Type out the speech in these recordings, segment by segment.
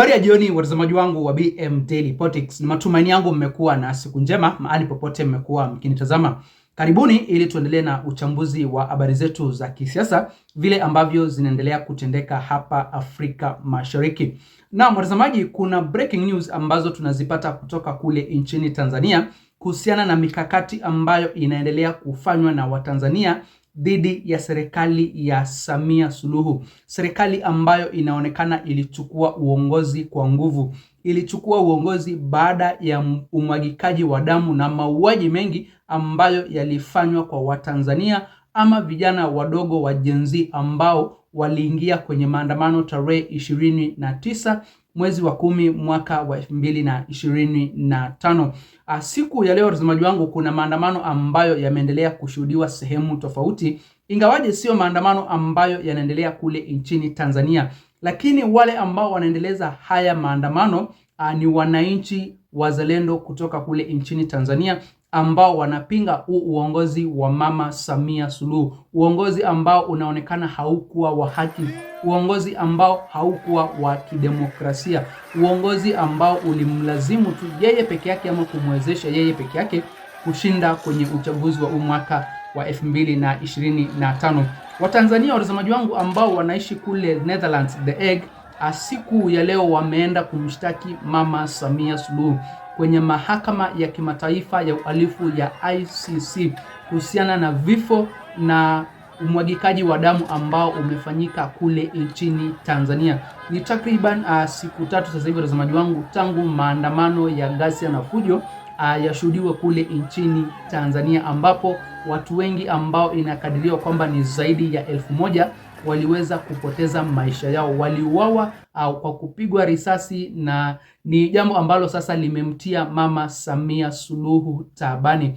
Habari ya jioni watazamaji wangu wa BM Daily Politics. Ni matumaini yangu mmekuwa na siku njema mahali popote mmekuwa mkinitazama. Karibuni ili tuendelee na uchambuzi wa habari zetu za kisiasa vile ambavyo zinaendelea kutendeka hapa Afrika Mashariki. Na watazamaji, kuna breaking news ambazo tunazipata kutoka kule nchini Tanzania kuhusiana na mikakati ambayo inaendelea kufanywa na Watanzania dhidi ya serikali ya Samia Suluhu, serikali ambayo inaonekana ilichukua uongozi kwa nguvu. Ilichukua uongozi baada ya umwagikaji wa damu na mauaji mengi ambayo yalifanywa kwa Watanzania ama vijana wadogo wa Gen Z ambao waliingia kwenye maandamano tarehe ishirini na tisa mwezi wa kumi mwaka wa elfu mbili na ishirini na tano. Ah, siku ya leo, watazamaji wangu, kuna maandamano ambayo yameendelea kushuhudiwa sehemu tofauti, ingawaje siyo maandamano ambayo yanaendelea kule nchini Tanzania, lakini wale ambao wanaendeleza haya maandamano ah, ni wananchi wazalendo kutoka kule nchini Tanzania ambao wanapinga huu uongozi wa Mama Samia Suluhu, uongozi ambao unaonekana haukuwa wa haki, uongozi ambao haukuwa wa kidemokrasia, uongozi ambao ulimlazimu tu yeye peke yake ama kumwezesha yeye peke yake kushinda kwenye uchaguzi wa mwaka wa 2025. Watanzania watazamaji wangu ambao wanaishi kule Netherlands, The egg, siku ya leo wameenda kumshtaki Mama Samia Suluhu kwenye mahakama ya kimataifa ya uhalifu ya ICC kuhusiana na vifo na umwagikaji wa damu ambao umefanyika kule nchini Tanzania. Ni takriban uh, siku tatu sasa hivi, watazamaji wangu, tangu maandamano ya ghasia na fujo uh, yashuhudiwe kule nchini Tanzania, ambapo watu wengi ambao inakadiriwa kwamba ni zaidi ya elfu moja waliweza kupoteza maisha yao, waliuawa au kwa kupigwa risasi, na ni jambo ambalo sasa limemtia Mama Samia Suluhu taabani.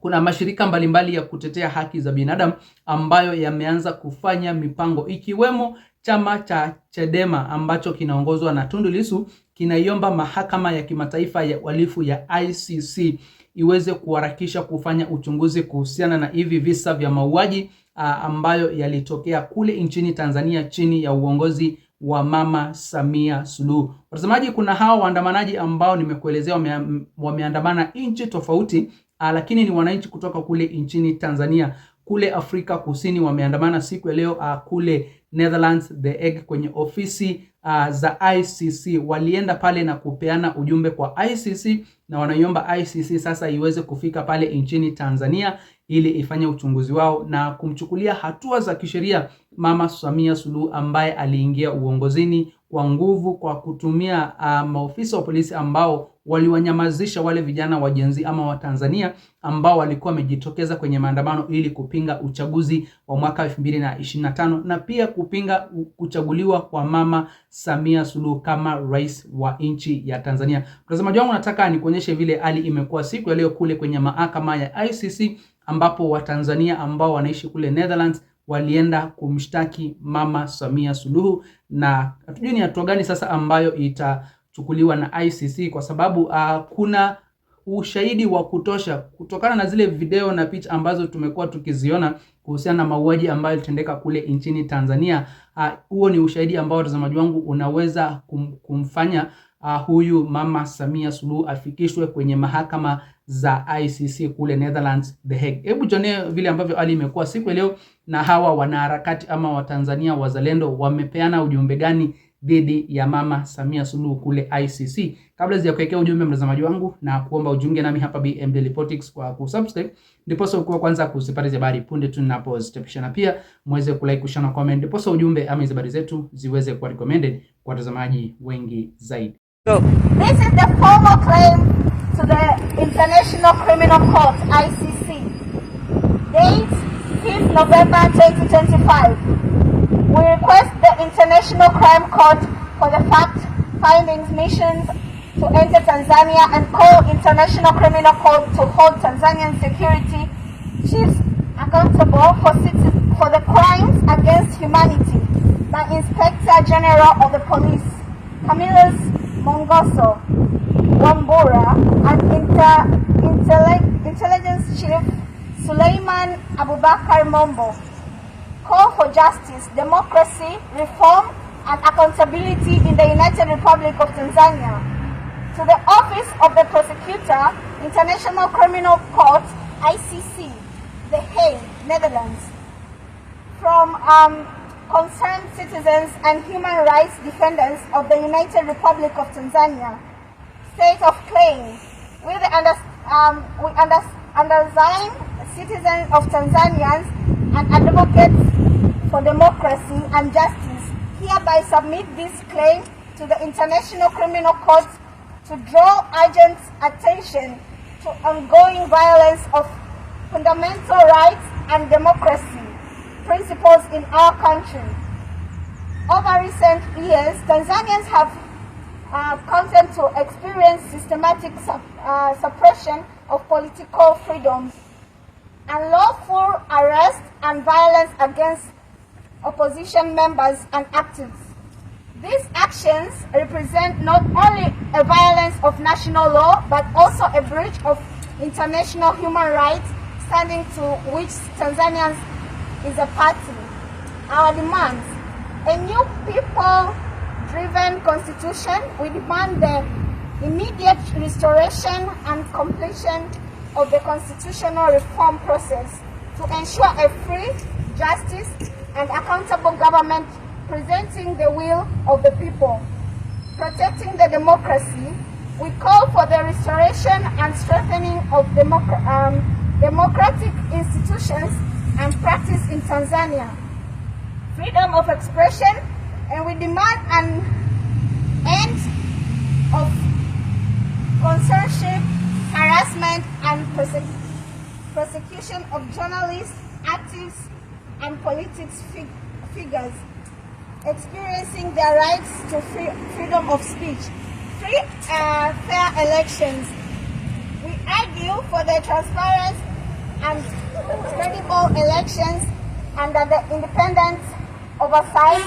Kuna mashirika mbalimbali ya kutetea haki za binadamu ambayo yameanza kufanya mipango ikiwemo chama cha Chadema ambacho kinaongozwa na Tundu Lissu kinaiomba mahakama ya kimataifa ya uhalifu ya ICC iweze kuharakisha kufanya uchunguzi kuhusiana na hivi visa vya mauaji ambayo yalitokea kule nchini Tanzania chini ya uongozi wa Mama Samia Suluhu. Watazamaji, kuna hao waandamanaji ambao nimekuelezea wameandamana nchi tofauti, ah, lakini ni wananchi kutoka kule nchini Tanzania, kule Afrika Kusini wameandamana siku ya leo ah, kule Netherlands, The Hague, kwenye ofisi uh, za ICC walienda pale na kupeana ujumbe kwa ICC na wanaiomba ICC sasa iweze kufika pale nchini Tanzania ili ifanye uchunguzi wao na kumchukulia hatua za kisheria Mama Samia Suluhu ambaye aliingia uongozini kwa nguvu kwa kutumia uh, maofisa wa polisi ambao waliwanyamazisha wale vijana wa ama Watanzania ambao walikuwa wamejitokeza kwenye maandamano ili kupinga uchaguzi wa mwaka 2025 na pia kupinga kuchaguliwa kwa Mama Samia Suluhu kama rais wa nchi ya Tanzania. Mtazamaji wangu, nataka nikuonyeshe vile hali imekuwa siku ya leo kule kwenye mahakama ya ICC ambapo Watanzania ambao wanaishi kule Netherlands walienda kumshtaki Mama Samia Suluhu na hatujui ni hatua gani sasa ambayo ita kuchukuliwa na ICC kwa sababu uh, kuna ushahidi wa kutosha kutokana na zile video na picha ambazo tumekuwa tukiziona kuhusiana na mauaji ambayo yalitendeka kule nchini Tanzania. Ah, huo uh, ni ushahidi ambao watazamaji wangu unaweza kum, kumfanya uh, huyu Mama Samia Suluhu afikishwe kwenye mahakama za ICC kule Netherlands, The Hague. Hebu jione vile ambavyo hali imekuwa siku leo, na hawa wanaharakati ama Watanzania wazalendo wamepeana ujumbe gani dhidi ya Mama Samia Suluhu kule ICC. Kabla ya kuwekea ujumbe mtazamaji wangu, na kuomba ujiunge nami hapa BM Daily Politics kwa kusubscribe, ndipo sasa ukuwa kwanza kusipata habari punde tu ninapozichapisha, na pia muweze kulike, kushare na comment, ndipo sasa ujumbe ama habari zetu ziweze kuwa recommended kwa watazamaji wengi zaidi. So, this is the formal claim to the International Criminal Court ICC. Date 5 November 2025. We request International Crime Court for the fact findings missions to enter Tanzania and call International Criminal Court to hold Tanzanian security chiefs accountable for, for the crimes against humanity by Inspector General of the Police, Camillus Mongoso Wambura, and Inter Intelligence Chief Suleiman Abubakar Mombo call for justice, democracy, reform, and accountability in the United Republic of Tanzania. To the Office of the Prosecutor, International Criminal Court, ICC, The Hague, Netherlands. From um, concerned citizens and human rights defenders of the United Republic of Tanzania. State of claim. We, the under, um, we under, undersign citizens of Tanzanians and advocates for Democracy and Justice hereby submit this claim to the International Criminal Court to draw urgent attention to ongoing violence of fundamental rights and democracy principles in our country. Over recent years, Tanzanians have uh, come to experience systematic uh, suppression of political freedoms, unlawful arrest and violence against opposition members, and activists. These actions represent not only a violence of national law, but also a breach of international human rights standing to which Tanzania is a party. Our demands, a new people-driven constitution, we demand the immediate restoration and completion of the constitutional reform process to ensure a free, justice, and accountable government presenting the will of the people. Protecting the democracy, we call for the restoration and strengthening of democ um, democratic institutions and practice in Tanzania. Freedom of expression, and we demand an end of censorship, harassment, and prosec prosecution of journalists, activists, and politics fig figures experiencing their rights to free freedom of speech, free uh, fair elections. We argue for the transparent and credible elections under the independent oversight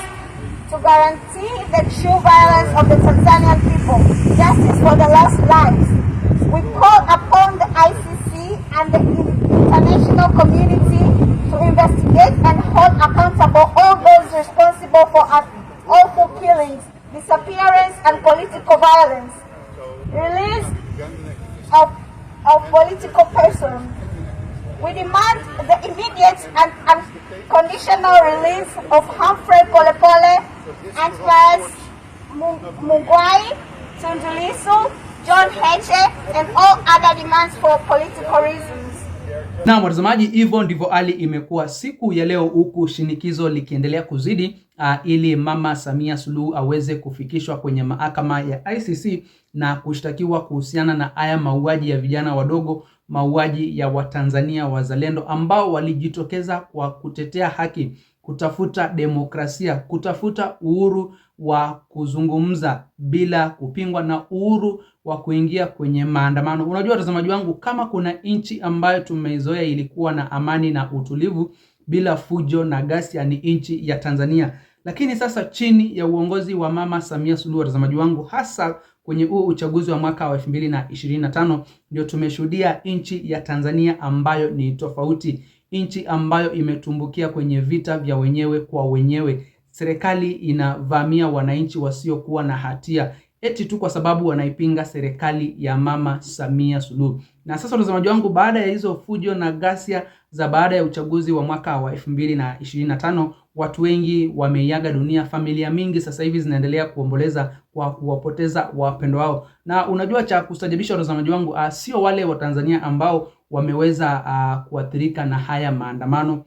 to guarantee the true violence of the Tanzanian people, justice for the lost lives. We call upon the ICC and the international community to investigate and hold accountable all those responsible for awful killings, disappearance, and political violence. Release of, of political persons. We demand the immediate and unconditional release of Humphrey Polepole, Antipas Mugwai, Tundulisu, John Heche, and all other demands for political reasons. Na watazamaji, hivyo ndivyo hali imekuwa siku ya leo, huku shinikizo likiendelea kuzidi uh, ili mama Samia Suluhu aweze kufikishwa kwenye mahakama ya ICC na kushtakiwa kuhusiana na haya mauaji ya vijana wadogo, mauaji ya Watanzania wazalendo ambao walijitokeza kwa kutetea haki kutafuta demokrasia, kutafuta uhuru wa kuzungumza bila kupingwa na uhuru wa kuingia kwenye maandamano. Unajua watazamaji wangu, kama kuna nchi ambayo tumeizoea ilikuwa na amani na utulivu bila fujo na ghasia ni nchi ya Tanzania, lakini sasa chini ya uongozi wa Mama Samia Suluhu, watazamaji wangu, hasa kwenye huu uchaguzi wa mwaka wa 2025 ndio tumeshuhudia nchi ya Tanzania ambayo ni tofauti nchi ambayo imetumbukia kwenye vita vya wenyewe kwa wenyewe. Serikali inavamia wananchi wasiokuwa na hatia eti tu kwa sababu wanaipinga serikali ya Mama Samia Suluhu. Na sasa watazamaji wangu, baada ya hizo fujo na ghasia za baada ya uchaguzi wa mwaka wa 2025 watu wengi wameiaga dunia. Familia mingi sasa hivi zinaendelea kuomboleza kwa kuwapoteza wapendwa wao, na unajua cha kustajabisha watazamaji wangu, ah, sio wale Watanzania ambao wameweza ah, kuathirika na haya maandamano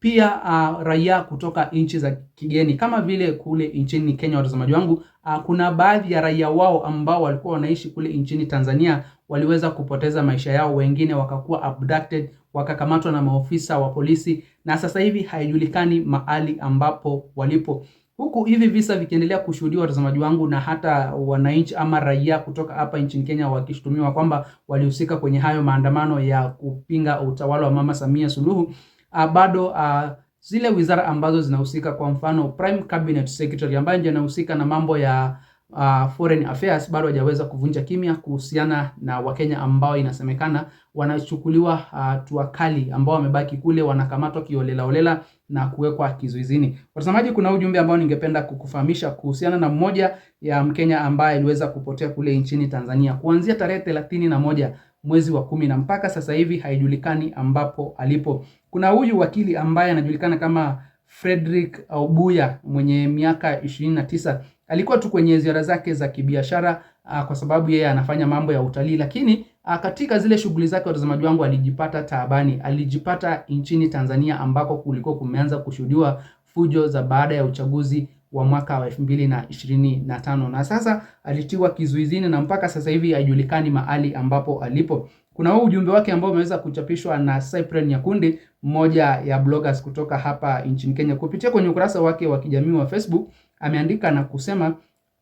pia uh, raia kutoka nchi za kigeni kama vile kule nchini Kenya, watazamaji wangu, uh, kuna baadhi ya raia wao ambao walikuwa wanaishi kule nchini Tanzania waliweza kupoteza maisha yao, wengine wakakuwa abducted, wakakamatwa na maofisa wa polisi, na sasa hivi haijulikani mahali ambapo walipo, huku hivi visa vikiendelea kushuhudiwa, watazamaji wangu, na hata wananchi ama raia kutoka hapa nchini Kenya wakishutumiwa kwamba walihusika kwenye hayo maandamano ya kupinga utawala wa Mama Samia Suluhu uh, bado uh, zile wizara ambazo zinahusika, kwa mfano Prime Cabinet Secretary ambaye ndiye anahusika na mambo ya uh, foreign affairs bado hajaweza kuvunja kimya kuhusiana na Wakenya ambao inasemekana wanachukuliwa hatua uh, kali, ambao wamebaki kule wanakamatwa kiolela olela na kuwekwa kizuizini. Watazamaji, kuna ujumbe ambao ningependa kukufahamisha kuhusiana na mmoja ya Mkenya ambaye aliweza kupotea kule nchini Tanzania kuanzia tarehe thelathini na moja mwezi wa kumi na mpaka sasa hivi haijulikani ambapo alipo. Kuna huyu wakili ambaye anajulikana kama Frederick Obuya mwenye miaka 29 alikuwa tu kwenye ziara zake za kibiashara ah, kwa sababu yeye anafanya mambo ya utalii, lakini a, ah, katika zile shughuli zake, watazamaji wangu, alijipata taabani, alijipata nchini Tanzania ambako kulikuwa kumeanza kushuhudiwa fujo za baada ya uchaguzi wa mwaka wa 2025 na sasa alitiwa kizuizini na mpaka sasa hivi hajulikani mahali ambapo alipo. Kuna huu ujumbe wake ambao umeweza kuchapishwa na Cyprian Nyakundi, mmoja ya bloggers kutoka hapa nchini Kenya. Kupitia kwenye ukurasa wake wa kijamii wa Facebook, ameandika na kusema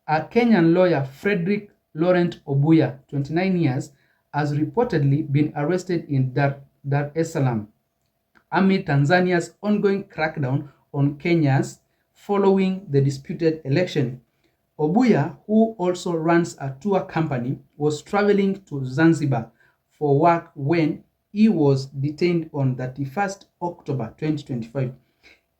a Kenyan lawyer Frederick Laurent Obuya 29 years has reportedly been arrested in Dar, Dar es Salaam amid Tanzania's ongoing crackdown on Kenya's following the disputed election. Obuya, who also runs a tour company, was traveling to Zanzibar for work when he was detained on 31st October 2025.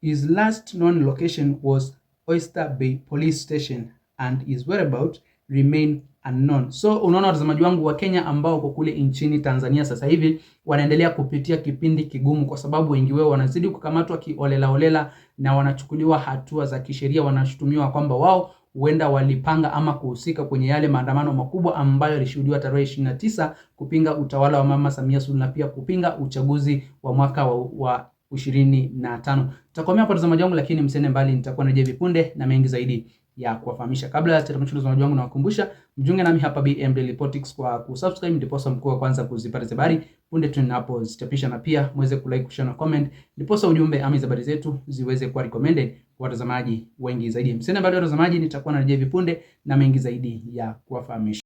His last known location was Oyster Bay Police Station and his whereabouts remain unknown. So unaona watazamaji wangu wa Kenya ambao wako kule nchini Tanzania sasa hivi wanaendelea kupitia kipindi kigumu, kwa sababu wengi wao wanazidi kukamatwa kiolela olela na wanachukuliwa hatua za kisheria. Wanashutumiwa kwamba wao huenda walipanga ama kuhusika kwenye yale maandamano makubwa ambayo yalishuhudiwa tarehe 29 kupinga utawala wa Mama Samia Suluhu na pia kupinga uchaguzi wa mwaka wa, wa 25. Tutakomea kwa watazamaji wangu, lakini msende mbali, nitakuwa narejea vipunde na mengi zaidi ya kuwafahamisha. Kabla ya changamsho za wangu, nawakumbusha mjunge nami hapa BM Daily Politics kwa kusubscribe, sasa mkuu wa kwanza kuzipata habari punde tunapozichapisha, na pia muweze kulike, kushare na comment, sasa ujumbe ama habari zetu ziweze kuwa recommended kwa watazamaji wengi zaidi. Msene bado watazamaji, nitakuwa narejea vipunde punde na mengi zaidi ya kuwafahamisha.